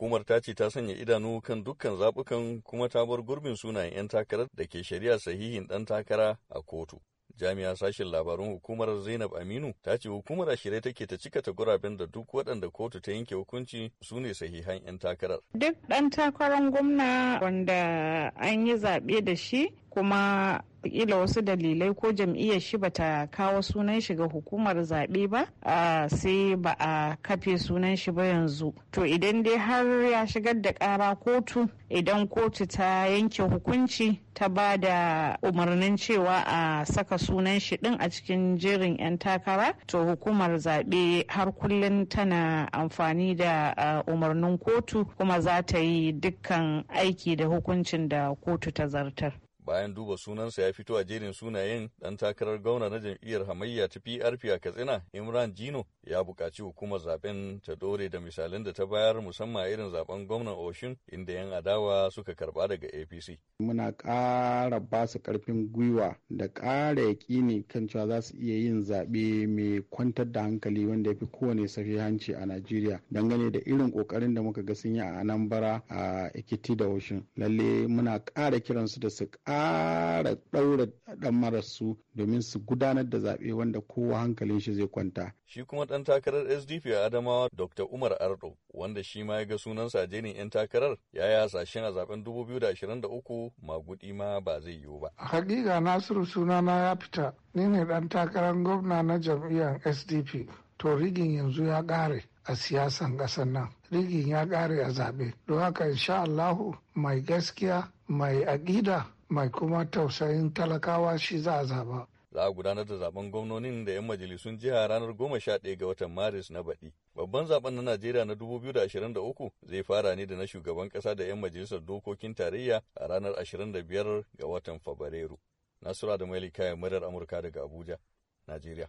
Hukumar ta ce ta sanya idanu kan dukkan zaɓukan kuma ta bar gurbin sunayen 'yan takarar da ke shari'a sahihin ɗan takara a kotu. jami'a sashen labarun hukumar zainab aminu ta ce hukumar ashirai take ta cika ta guraben da duk waɗanda kotu ta yanke hukunci su ne sahihan 'yan takarar duk ɗan takarar gwamna wanda an yi zaɓe da shi kuma watakila wasu dalilai ko jam'iyyar shi bata kawo sunan shi ga hukumar zaɓe ba sai ba a kafe sunan shi ba yanzu to idan dai har ya shigar da ƙara kotu idan kotu ta yanke hukunci ta ba da umarnin cewa a saka sunan shi din a cikin jerin 'yan takara to hukumar zaɓe har kullum tana amfani da umarnin kotu kuma za ta yi dukkan aiki da hukuncin da kotu ta zartar bayan duba sunansa ya fito a jerin sunayen dan takarar gauna na jam'iyyar hamayya ta PRP a Katsina Imran Jino ya buƙaci hukumar zaben ta dore da misalan da ta bayar musamman irin zaben gwamnan Oshin inda yan adawa suka karba daga APC. Muna ƙara ba su ƙarfin gwiwa da ƙara yaƙini kan cewa za su iya yin zaɓe mai kwantar da hankali wanda ya fi kowane sahihanci a Najeriya dangane da irin ƙoƙarin da muka ga sun yi a Anambra a Ekiti da Oshin. Lalle muna ƙara kiransu da su ƙara ƙara ɗaura ɗan su domin su gudanar da zaɓe wanda kowa hankalin shi zai kwanta. Shi kuma ɗan takarar SDP a Adamawa Dr. Umar Ardo wanda shi ma ya ga sunan sajenin 'yan takarar ya yi hasashen a zaben 2023 magudi ma ba zai yiwu ba. Hakika Nasiru sunana ya fita ni ne ɗan takarar gwamna na jam'iyyar SDP to rigin yanzu ya ƙare. a siyasan ƙasar nan rigin ya ƙare a zaɓe don haka insha Allahu mai gaskiya mai aƙida mai kuma tausayin talakawa shi za a zaba. Za a gudanar da zaben gwamnonin da 'yan majalisun jiha ranar 11 ga watan Maris na baɗi. Babban zaben na Najeriya na 2023 zai fara ne da na shugaban ƙasa da 'yan majalisar dokokin tarayya a ranar 25 ga watan Fabrairu. Nasura da Maili kayan murar Amurka daga Abuja, Najeriya.